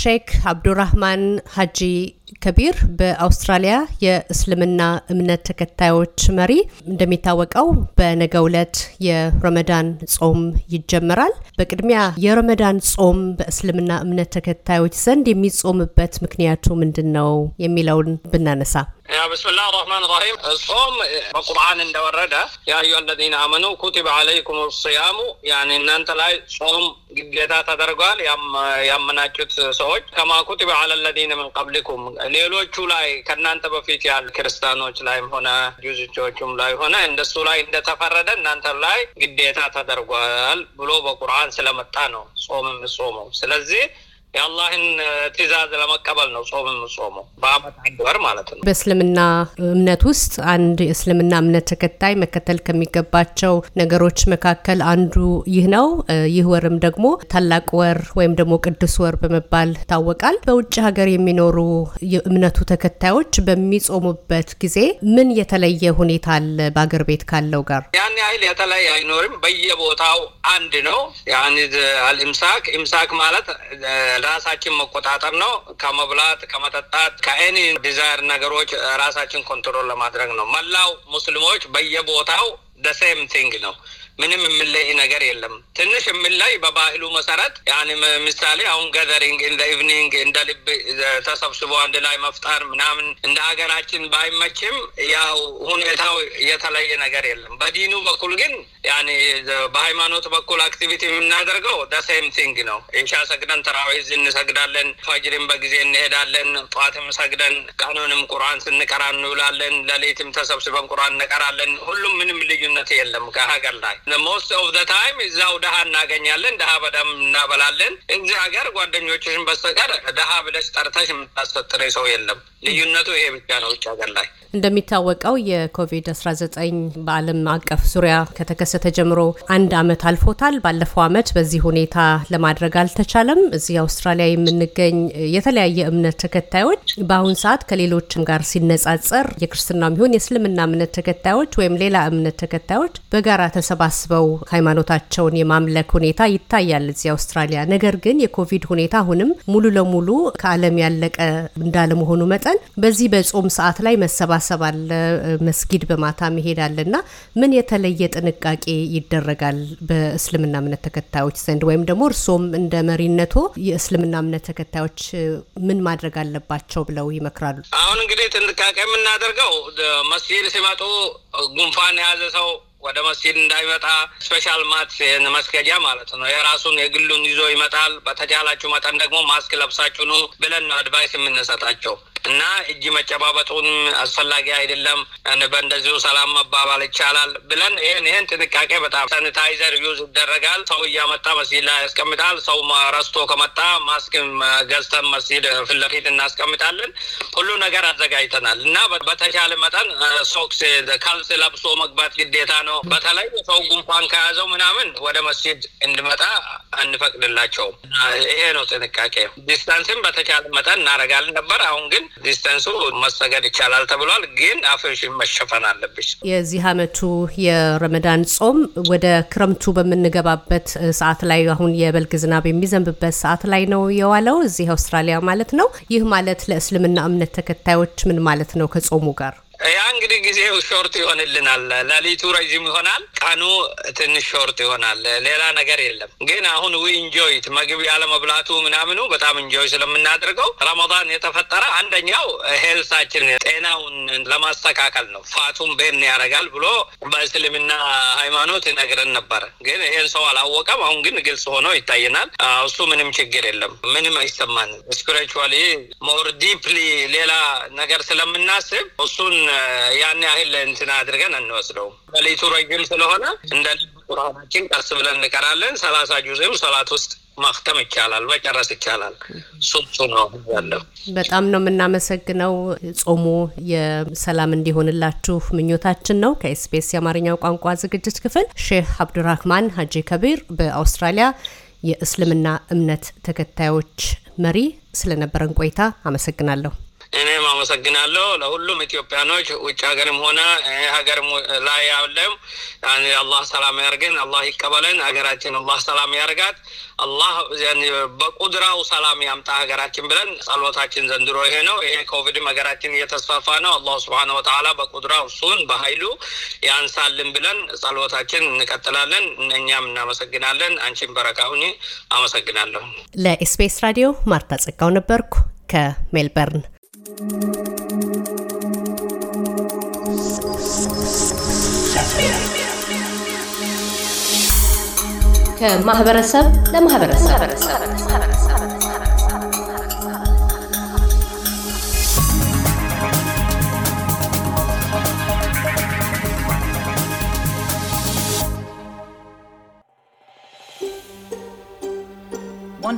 ሼክ አብዱራህማን ሀጂ ከቢር በአውስትራሊያ የእስልምና እምነት ተከታዮች መሪ። እንደሚታወቀው በነገው ዕለት የረመዳን ጾም ይጀመራል። በቅድሚያ የረመዳን ጾም በእስልምና እምነት ተከታዮች ዘንድ የሚጾምበት ምክንያቱ ምንድን ነው የሚለውን ብናነሳ ብስምላህ ረህማን ራሂም ጾም በቁርአን እንደወረደ ያዩ አለዚነ አመኑ ኩቲበ አለይኩም ሲያሙ ያኒ እናንተ ላይ ጾም ግዴታ ተደርጓል ያመናችሁት ሰዎች ከማ ኩቲበ አለ ለዚነ ምን ቀብሊኩም ሌሎቹ ላይ ከእናንተ በፊት ያሉ ክርስቲያኖች ላይም ሆነ ጁዝቾቹም ላይ ሆነ እንደሱ ላይ እንደተፈረደ እናንተ ላይ ግዴታ ተደርጓል ብሎ በቁርአን ስለመጣ ነው ጾም የምጾመው ስለዚህ የአላህን ትእዛዝ ለመቀበል ነው ጾም የምጾመው በአመት አንድ ወር ማለት ነው። በእስልምና እምነት ውስጥ አንድ የእስልምና እምነት ተከታይ መከተል ከሚገባቸው ነገሮች መካከል አንዱ ይህ ነው። ይህ ወርም ደግሞ ታላቅ ወር ወይም ደግሞ ቅዱስ ወር በመባል ይታወቃል። በውጭ ሀገር የሚኖሩ የእምነቱ ተከታዮች በሚጾሙበት ጊዜ ምን የተለየ ሁኔታ አለ? በአገር ቤት ካለው ጋር ያን ያህል የተለየ አይኖርም። በየቦታው አንድ ነው። ያን አልኢምሳክ ኢምሳክ ማለት ራሳችን መቆጣጠር ነው። ከመብላት ከመጠጣት፣ ከኤኒ ዲዛይር ነገሮች ራሳችን ኮንትሮል ለማድረግ ነው። መላው ሙስሊሞች በየቦታው ደሴም ቲንግ ነው። ምንም የምለይ ነገር የለም። ትንሽ የምላይ በባህሉ መሰረት ያን ምሳሌ አሁን ገዘሪንግ እንደ ኢቭኒንግ እንደ ልብ ተሰብስቦ አንድ ላይ መፍጠር ምናምን እንደ ሀገራችን ባይመችም ያው ሁኔታው የተለየ ነገር የለም። በዲኑ በኩል ግን ያን በሃይማኖት በኩል አክቲቪቲ የምናደርገው ደሴም ቲንግ ነው። ኢሻ ሰግደን ተራዊዝ እንሰግዳለን። ፈጅሪም በጊዜ እንሄዳለን። ጠዋትም ሰግደን ቀኑንም ቁርአን ስንቀራ እንውላለን። ለሌትም ተሰብስበን ቁርአን እንቀራለን። ሁሉም ምንም ልዩነት የለም ከሀገር ላይ ሞስት ኦፍ ዘ ታይም እዛው ድሃ እናገኛለን። ድሀ በደም እናበላለን። እዚህ ሀገር ጓደኞችሽን በስተቀር ድሀ ብለሽ ጠርተሽ የምታስፈጥሬ ሰው የለም። ልዩነቱ ይሄ ብቻ ነው። ውጭ ሀገር ላይ እንደሚታወቀው የኮቪድ አስራ ዘጠኝ በዓለም አቀፍ ዙሪያ ከተከሰተ ጀምሮ አንድ አመት አልፎታል። ባለፈው አመት በዚህ ሁኔታ ለማድረግ አልተቻለም። እዚህ አውስትራሊያ የምንገኝ የተለያየ እምነት ተከታዮች በአሁን ሰዓት ከሌሎችም ጋር ሲነጻጸር የክርስትናም ይሁን የእስልምና እምነት ተከታዮች ወይም ሌላ እምነት ተከታዮች በጋራ ተሰባ ተሰባስበው ሃይማኖታቸውን የማምለክ ሁኔታ ይታያል እዚህ አውስትራሊያ። ነገር ግን የኮቪድ ሁኔታ አሁንም ሙሉ ለሙሉ ከዓለም ያለቀ እንዳለመሆኑ መጠን በዚህ በጾም ሰዓት ላይ መሰባሰብ አለ፣ መስጊድ በማታ መሄድ አለ እና ምን የተለየ ጥንቃቄ ይደረጋል በእስልምና እምነት ተከታዮች ዘንድ ወይም ደግሞ እርሶም እንደ መሪነቶ የእስልምና እምነት ተከታዮች ምን ማድረግ አለባቸው ብለው ይመክራሉ? አሁን እንግዲህ ጥንቃቄ የምናደርገው መስጊድ ሲመጡ ጉንፋን የያዘ ሰው ወደ መስጂድ እንዳይመጣ ስፔሻል ማት መስገጃ ማለት ነው። የራሱን የግሉን ይዞ ይመጣል። በተቻላችሁ መጠን ደግሞ ማስክ ለብሳችሁ ኑ ብለን ነው አድቫይስ የምንሰጣቸው እና እጅ መጨባበጡን አስፈላጊ አይደለም። በእንደዚሁ ሰላም መባባል ይቻላል ብለን ይህን ይህን ጥንቃቄ በጣም ሳኒታይዘር ዩዝ ይደረጋል። ሰው እያመጣ መስጂድ ላይ ያስቀምጣል። ሰው ረስቶ ከመጣ ማስክም ገዝተን መስጂድ ፊት ለፊት እናስቀምጣለን። ሁሉ ነገር አዘጋጅተናል እና በተቻለ መጠን ሶክስ ካልስ ለብሶ መግባት ግዴታ ነው። በተለይ ሰው ጉንፋን ከያዘው ምናምን ወደ መስጂድ እንድመጣ አንፈቅድላቸውም። ይሄ ነው ጥንቃቄ። ዲስታንስም በተቻለ መጠን እናደርጋለን ነበር። አሁን ግን ዲስተንሱ መሰገድ ይቻላል ተብሏል። ግን አፍሽን መሸፈን አለብሽ። የዚህ አመቱ የረመዳን ጾም ወደ ክረምቱ በምንገባበት ሰዓት ላይ አሁን የበልግ ዝናብ የሚዘንብበት ሰዓት ላይ ነው የዋለው እዚህ አውስትራሊያ ማለት ነው። ይህ ማለት ለእስልምና እምነት ተከታዮች ምን ማለት ነው ከጾሙ ጋር ያ እንግዲህ ጊዜው ሾርት ይሆንልናል። ሌሊቱ ረዥም ይሆናል፣ ቀኑ ትንሽ ሾርት ይሆናል። ሌላ ነገር የለም። ግን አሁን ዊ ኢንጆይት ምግብ ያለመብላቱ ምናምኑ በጣም ኢንጆይ ስለምናደርገው ረመዳን የተፈጠረ አንደኛው ሄልሳችን ጤናውን ለማስተካከል ነው። ፋቱም ቤን ያደርጋል ብሎ በእስልምና ሃይማኖት ይነግረን ነበር። ግን ይሄን ሰው አላወቀም። አሁን ግን ግልጽ ሆኖ ይታየናል። እሱ ምንም ችግር የለም፣ ምንም አይሰማንም። ስፒሪቹዋሊ ሞር ዲፕሊ ሌላ ነገር ስለምናስብ እሱን ያን ያህል ለእንትን አድርገን አንወስደውም። ሌሊቱ ረጅም ስለሆነ እንደ ቁርአናችን ቀስ ብለን እንቀራለን። ሰላሳ ጁዜው ሰላት ውስጥ ማክተም ይቻላል፣ መጨረስ ይቻላል። ሱሱ ነው ያለው። በጣም ነው የምናመሰግነው። ጾሙ የሰላም እንዲሆንላችሁ ምኞታችን ነው። ከኤስቢኤስ የአማርኛው ቋንቋ ዝግጅት ክፍል ሼህ አብዱራህማን ሀጂ ከቢር በአውስትራሊያ የእስልምና እምነት ተከታዮች መሪ ስለነበረን ቆይታ አመሰግናለሁ። አመሰግናለሁ። ለሁሉም ኢትዮጵያኖች ውጭ ሀገርም ሆነ ሀገርም ላይ ያለም አላህ ሰላም ያርገን፣ አላህ ይቀበለን። ሀገራችን አላህ ሰላም ያርጋት፣ አላህ በቁድራው ሰላም ያምጣ ሀገራችን ብለን ጸሎታችን ዘንድሮ ይሄ ነው። ይሄ ኮቪድም ሀገራችን እየተስፋፋ ነው። አላህ ስብሐነ ወተዓላ በቁድራው እሱን በሀይሉ ያንሳልን ብለን ጸሎታችን እንቀጥላለን። እኛም እናመሰግናለን። አንቺን በረካሁኝ አመሰግናለሁ። ለኤስቢኤስ ራዲዮ ማርታ ጸጋው ነበርኩ ከሜልበርን ከማህበረሰብ ለማህበረሰብ